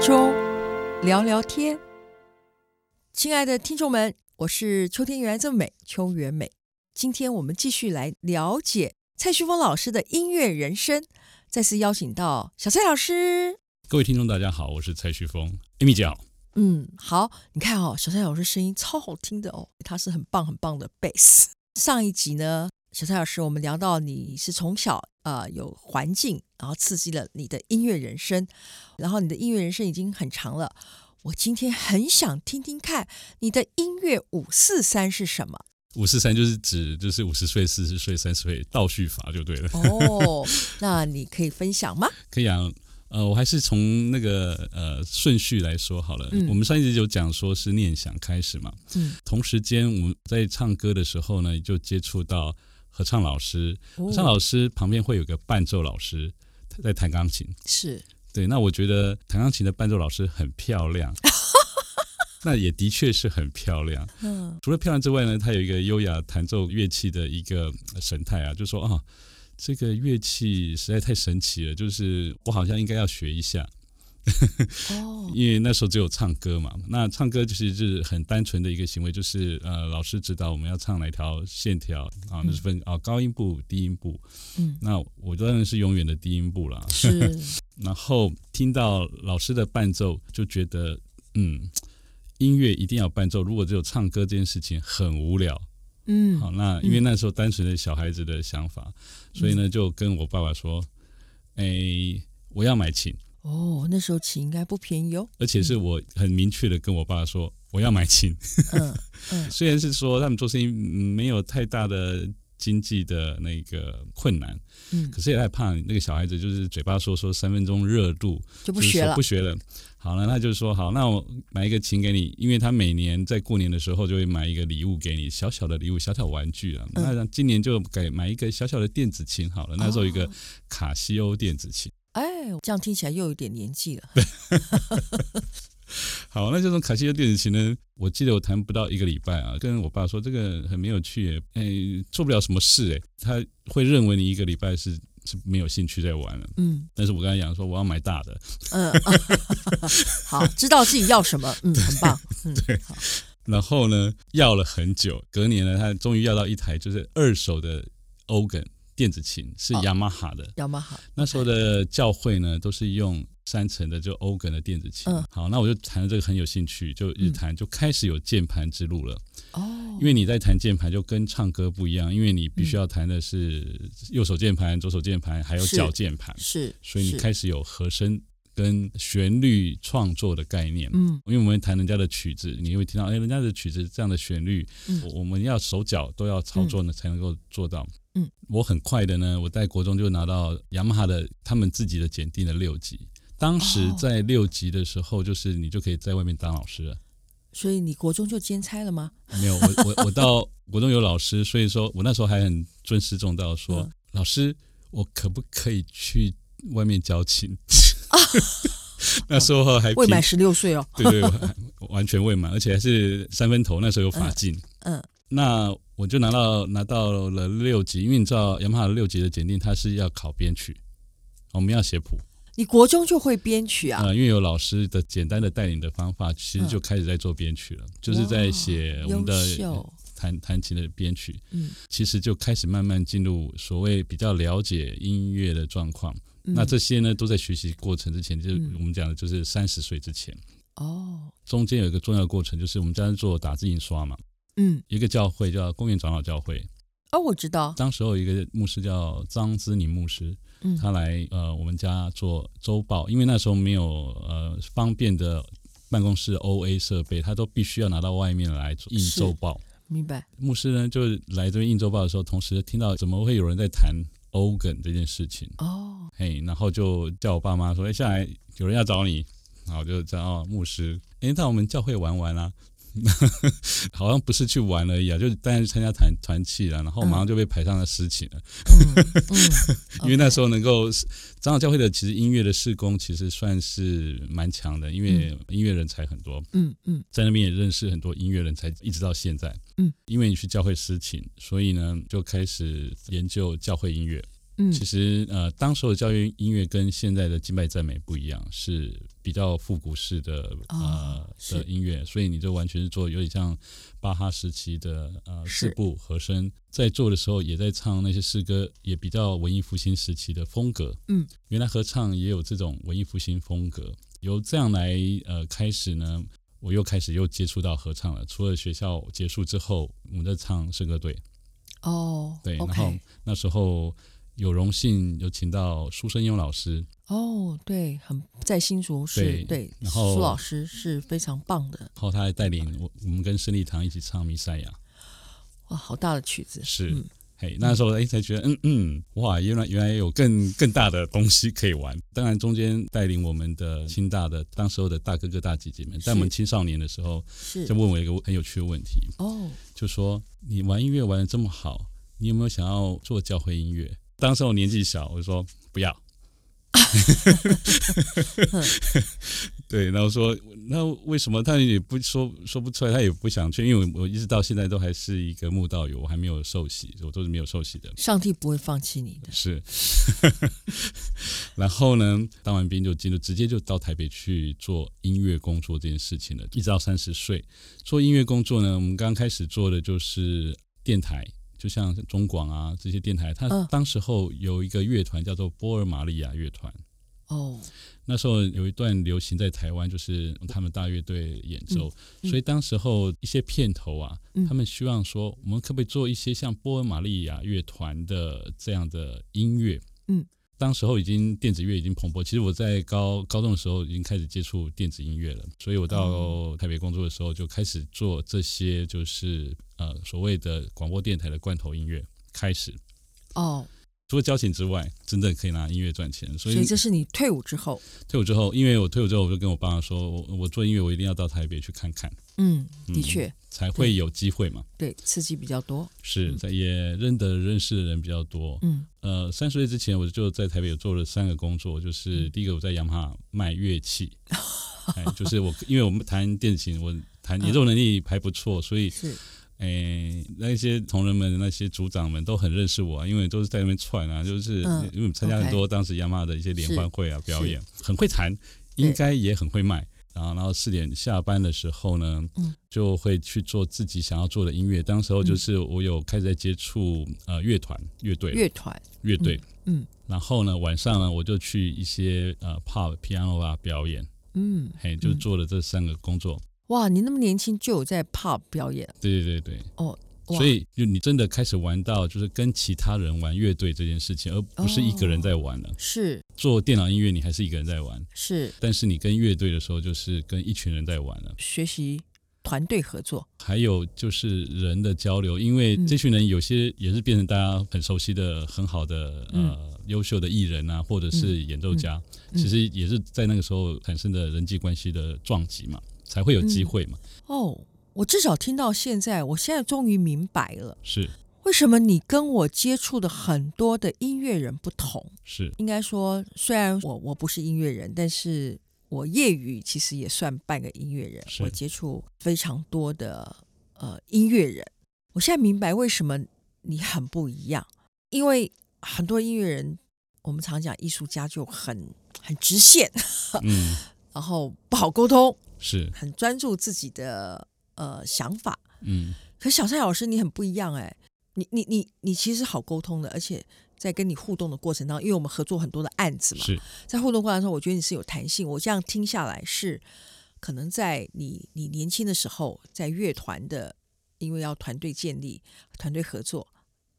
鐘聊聊天，親愛的聽眾們，我是秋天原來這麼美秋月美，今天我們繼續來了解蔡旭峰老師的音樂人生，再次邀請到小蔡老師。各位聽眾，大家好，我是蔡旭峰，Amy 姐好。嗯，好，你看哦，小蔡老師聲音超好聽的哦，他是很棒很棒的貝斯。上一集呢？小蔡老師，我們聊到你是從小呃有環境，然後刺激了你的音樂人生，然後你的音樂人生已經很長了。我今天很想聽聽看你的音樂五四三是什麼？五四三就是指就是五十歲、四十歲、三十歲倒敘法就對了。哦，那你可以分享嗎？ 可以啊，呃，我還是從那個呃順序來說好了。嗯，我們上一次有講說是念想開始嘛。嗯，同時間我們在唱歌的時候呢，就接觸到。合唱老師，合唱老師旁邊會有個伴奏老師在彈鋼琴。是，對，那我覺得彈鋼琴的伴奏老師很漂亮， 那也的確是很漂亮。嗯，除了漂亮之外呢，他有一個優雅彈奏樂器的一個神態啊，就說啊，哦，這個樂器實在太神奇了，就是我好像應該要學一下。哦， 因為那時候只有唱歌嘛，那唱歌其實就是是很單純的一個行為，就是呃，老師指導我們要唱哪條線條啊，那是分啊，高音部、低音部。嗯，那我當然是永遠的低音部了。是， 然後聽到老師的伴奏就覺得，嗯，音樂一定要伴奏，如果只有唱歌這件事情很無聊。嗯，好、啊，那因為那時候單純的小孩子的想法，嗯、所以呢，就跟我爸爸說，哎、欸，我要買琴。哦，那時候琴應該不便宜哦。而且是我很明確的跟我爸說，嗯、我要買琴。 嗯嗯、雖然是說他們做生意沒有太大的經濟的那個困難，嗯、可是也害怕那個小孩子就是嘴巴說說三分鐘熱度就不學了，不學了。好了，那就說好，那我買一個琴給你，因為他每年在過年的時候就會買一個禮物給你，小小的禮物，小小玩具了。嗯、那今年就給買一個小小的電子琴好了。那時候有一個卡西歐電子琴。哦這樣聽起來又有點年紀了。 好，那這種卡西歐電子琴呢，我記得我彈不到一個禮拜啊，跟我爸說這個很沒有趣耶，哎，做不了什麼事，哎，他會認為你一個禮拜是是沒有興趣在玩了。嗯，但是我剛才講說我要買大的，嗯、呃啊，好，知道自己要什麼，嗯，很棒，嗯，對。嗯、好，然後呢，要了很久，隔年呢，他終於要到一台就是二手的歐根。電子琴是雅馬哈的，雅馬哈那時候的教會呢，都是用三層的，就歐根的電子琴。嗯、好，那我就彈這個很有興趣，就一彈、嗯、就開始有鍵盤之路了。哦，因為你在彈鍵盤就跟唱歌不一樣，因為你必須要彈的是右手鍵盤、嗯、左手鍵盤，還有腳鍵盤，是，所以你開始有和聲跟旋律創作的概念。嗯，因為我們彈人家的曲子，你會聽到，哎、欸，人家的曲子這樣的旋律，嗯、我們要手腳都要操作呢，嗯、才能夠做到。嗯，我很快的呢，我在國中就拿到雅馬哈的他們自己的檢定的六級。當時在六級的時候，就是你就可以在外面當老師了。哦、所以你國中就兼差了嗎？沒有，我我我到國中有老師，所以說我那時候還很尊師重道說，說、嗯、老師，我可不可以去外面教琴？ 那時候還未滿十六歲哦，哦對,對對，完全未滿，而且還是三分頭，那時候有髮禁嗯，嗯那。我就拿到拿到了六級，因為你知道，Yamaha 六級的檢定，它是要考編曲，我們要寫譜。你國中就會編曲啊、呃？因為有老師的簡單的帶領的方法，其實就開始在做編曲了，嗯、就是在寫我們的彈彈、哦、琴的編曲。嗯，其實就開始慢慢進入所謂比較了解音樂的狀況。嗯、那這些呢，都在學習過程之前，就我們講的就是三十歲之前。哦、嗯。中間有一個重要過程，就是我們在做打字印刷嘛。嗯，一個教會叫公園長老教會。哦，我知道。當時候有一個牧師叫張茲寧牧師，嗯，他來呃我們家做周報，因為那時候沒有呃方便的辦公室 O A 設備，他都必須要拿到外面來印周報。明白。牧師呢，就是來這邊印周報的時候，同時聽到怎麼會有人在談歐根這件事情哦，嘿，hey, 然後就叫我爸媽說：“哎，下來有人要找你。”然後就叫牧師，哎，那我們教會玩玩啊 好像不是去玩了樣、啊，就是大家去參加團團契了、啊，然後馬上就被排上了司琴。了。嗯、 因為那時候能夠 Okay. 長老教會的其實音樂的事工其實算是蠻強的，因為音樂人才很多。嗯嗯，在那邊也認識很多音樂人才，一直到現在。嗯，因為你去教會司琴，所以呢就開始研究教會音樂。嗯，其實呃，當時候的教育音樂跟現在的敬拜讚美不一樣，是比較復古式的、哦、呃的音樂，是所以你就完全是做有點像巴哈時期的呃四部是和聲，在做的時候也在唱那些詩歌，也比較文藝復興時期的風格。嗯，原來合唱也有這種文藝復興風格，由這樣來呃開始呢，我又開始又接觸到合唱了。除了學校結束之後，我們在唱詩歌隊。哦，對，哦、然後 okay. 那時候。有榮幸有請到舒生優老師哦，對，很在新竹是對，然後老師是非常棒的，然後他帶領我，我們跟聖禮堂一起唱密賽亞，哇，好大的曲子，是，嗯、嘿，那時候哎才覺得嗯嗯，哇，原來原來有更更大的東西可以玩。當然中間帶領我們的清大的當時候的大哥哥大姐姐們，在是我們青少年的時候，是就問我一個很有趣的問題哦，就說你玩音樂玩的這麼好，你有沒有想要做教會音樂？當時我年紀小，我就說不要。 對，然後我說，那為什麼？他也不說，說不出來，他也不想去，因為我一直到現在都還是一個慕道友，我還沒有受洗，我都是沒有受洗的。上帝不會放棄你的。是。 然後呢，當完兵就進入，直接就到台北去做音樂工作這件事情了，一直到三十歲。做音樂工作呢。我們剛開始做的就是電台，就像中廣啊這些電台，它當時候有一個樂團叫做波爾瑪利亞樂團。哦，那時候有一段流行在台灣，就是他們大樂隊演奏，嗯嗯、所以當時候一些片頭啊，他們希望說，我們可不可以做一些像波爾瑪利亞樂團的這樣的音樂？嗯。當時候已經電子樂已經蓬勃，其實我在高高中的時候已經開始接觸電子音樂了，所以我到台北工作的時候就開始做這些，就是、嗯、呃所謂的廣播電台的罐頭音樂開始。哦。除了交情之外，真的可以拿音樂賺錢。所以，所以這是你退伍之後？退伍之後，因為我退伍之後，我就跟我爸說，我我做音樂，我一定要到台北去看看。嗯，的確、嗯，才會有機會嘛對。對，刺激比較多。是，在也認得認識的人比較多。嗯，呃，三十歲之前，我就在台北有做了三個工作，就是第一個我在 Yamaha 賣樂器， 哎，就是我因為我們彈電琴，我彈演奏能力還不錯，嗯、所以是。誒、欸，那些同仁們、那些組長們都很認識我、啊，因為都是在那邊串啊，就是、嗯、因為參加很多當時亞馬的一些聯歡會啊，是表演是很會彈，對應該也很會賣。然後，然後四點下班的時候呢，就會去做自己想要做的音樂。嗯、當時候就是我有開始在接觸呃樂團、樂隊、樂團、樂隊團、嗯。嗯，然後呢，晚上呢，我就去一些呃 pop piano 啊表演。嗯，嘿，就做了這三個工作。嗯哇，你那麼年輕就有在 PUB 表演？對對對哦，oh, wow 所以就你真的開始玩到就是跟其他人玩樂隊這件事情，而不是一個人在玩了。Oh, 是做電腦音樂，你還是一個人在玩。是，但是你跟樂隊的時候，就是跟一群人在玩了。學習團隊合作，還有就是人的交流，因為這群人有些也是變成大家很熟悉的、嗯、很好的呃、嗯、優秀的藝人啊，或者是演奏家。嗯嗯、其實也是在那個時候產生的人際關係的撞擊嘛。才會有機會嘛。嗯，哦，我至少聽到現在，我現在終於明白了，是為什麼你跟我接觸的很多的音樂人不同。是應該說，雖然我我不是音樂人，但是我業餘其實也算半個音樂人。是我接觸非常多的呃音樂人，我現在明白為什麼你很不一樣，因為很多音樂人，我們常講藝術家就很很直線， 嗯，然後不好溝通。是很專注自己的呃想法，嗯，可是小蔡老師你很不一樣哎，欸，你你你你其實好溝通的，而且在跟你互動的過程當中，因為我們合作很多的案子嘛，是在互動過程當中，我覺得你是有彈性。我這樣聽下來是，可能在你你年輕的時候，在樂團的，因為要團隊建立、團隊合作，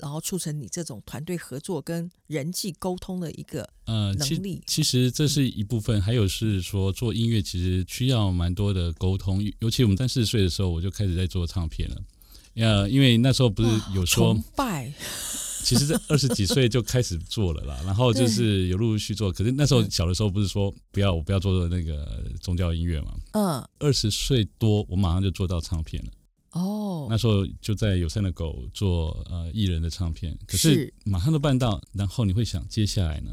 然後促成你這種團隊合作跟人際溝通的一個呃能力呃其。其實這是一部分，還有是說做音樂其實需要蠻多的溝通，尤其我們三十歲的時候我就開始在做唱片了。呀，因為那時候不是有說拜，其實這二十幾歲就開始做了啦。 然後就是有陸續做，可是那時候小的時候不是說不要我不要做做那個宗教音樂嘛？嗯，二十歲多我馬上就做到唱片了。哦，oh. 那時候就在友善的狗做呃藝人的唱片，可是馬上都辦到。是然後你會想，接下來呢？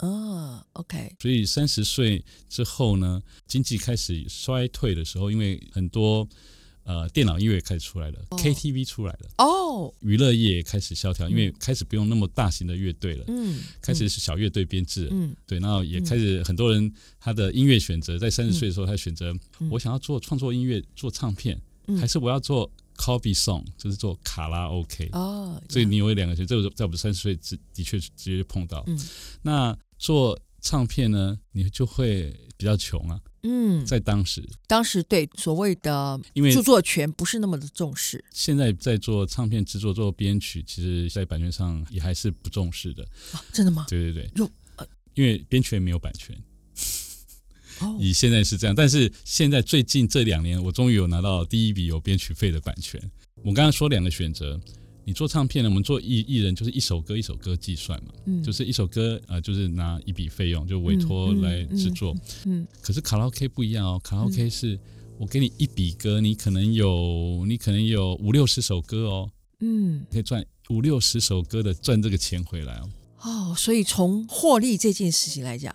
哦 OK 所以三十歲之後呢，經濟開始衰退的時候，因為很多呃電腦音樂開始出來了、oh.，KTV 出來了，哦，娛樂業也開始蕭條，因為開始不用那麼大型的樂隊了，嗯，mm. 開始是小樂隊編制，嗯，mm. 對，然後也開始很多人他的音樂選擇，在三十歲的時候，他選擇、mm. 我想要做創作音樂，做唱片。還是我要做 copy song，就是做卡拉 OK，哦，所以你有兩個學，這在我們三十歲之的確直接碰到。嗯，那做唱片呢，你就會比較窮啊。嗯，在當時，當時對所謂的因為著作權不是那麼的重視。現在在做唱片制作、做編曲，其實在版權上也還是不重視的。啊，真的嗎？對對對，因為編曲也沒有版權。哦，以現在是這樣，但是現在最近這兩年，我終於有拿到第一筆有編曲費的版權。我剛剛說兩個選擇，你做唱片呢，我們做藝藝人就是一首歌一首歌計算嘛，嗯，就是一首歌啊，呃，就是拿一筆費用就委托來制作，嗯。嗯嗯嗯，可是卡拉 OK 不一樣哦，卡拉 OK 是我給你一筆歌，你可能有你可能有五六十首歌哦，嗯，你可以賺五六十首歌的賺這個錢回來哦。哦，所以從獲利這件事情來講。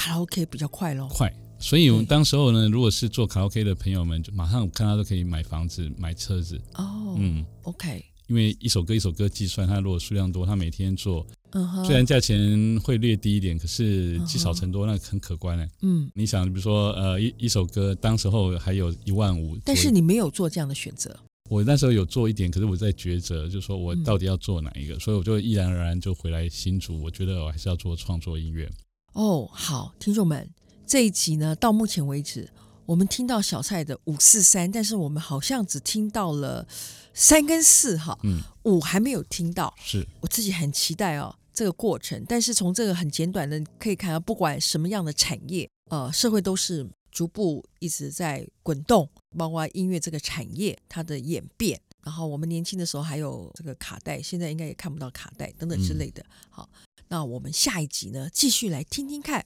卡拉 OK 比較快咯，快，所以我們當時候呢，對如果是做卡拉 OK 的朋友們，就馬上看他都可以買房子、買車子哦。Oh, 嗯，OK，因為一首歌一首歌計算，他如果數量多，他每天做，uh huh、雖然價錢會略低一點，可是積少成多，uh huh、那很可觀呢、欸。嗯、uh，huh、你想，比如說呃，一一首歌當時候還有一萬五，但是你沒有做這樣的選擇。我那時候有做一點，可是我在抉擇，就說我到底要做哪一個，嗯、所以我就毅然而然就回來新竹。我覺得我還是要做創作音樂。哦，oh, 好，聽眾們，這一集呢，到目前為止，我們聽到小蔡的五四三，但是我們好像只聽到了三跟四哈，嗯，五還沒有聽到，是，我自己很期待哦這個過程。但是從這個很簡短的可以看到，不管什麼樣的產業，呃，社會都是逐步一直在滾動，包括音樂這個產業它的演變。然後我們年輕的時候還有這個卡帶，現在應該也看不到卡帶等等之類的，嗯、好。那我們下一集呢，繼續來聽聽看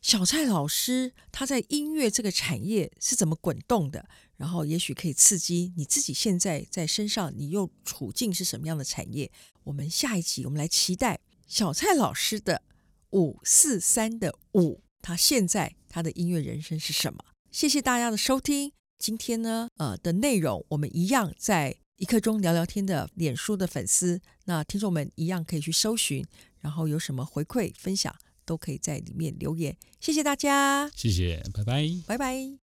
小蔡老師他在音樂這個產業是怎麼滾動的，然後也許可以刺激你自己現在在身上，你又處境是什麼樣的產業？我們下一集我們來期待小蔡老師的五四三的五，5, 他現在他的音樂人生是什麼？謝謝大家的收聽，今天呢，呃的內容我們一樣在一刻鐘聊聊天的，臉書的粉絲，那聽眾們一樣可以去搜尋。然後有什麼回饋分享，都可以在裡面留言。謝謝大家，謝謝，拜拜，拜拜。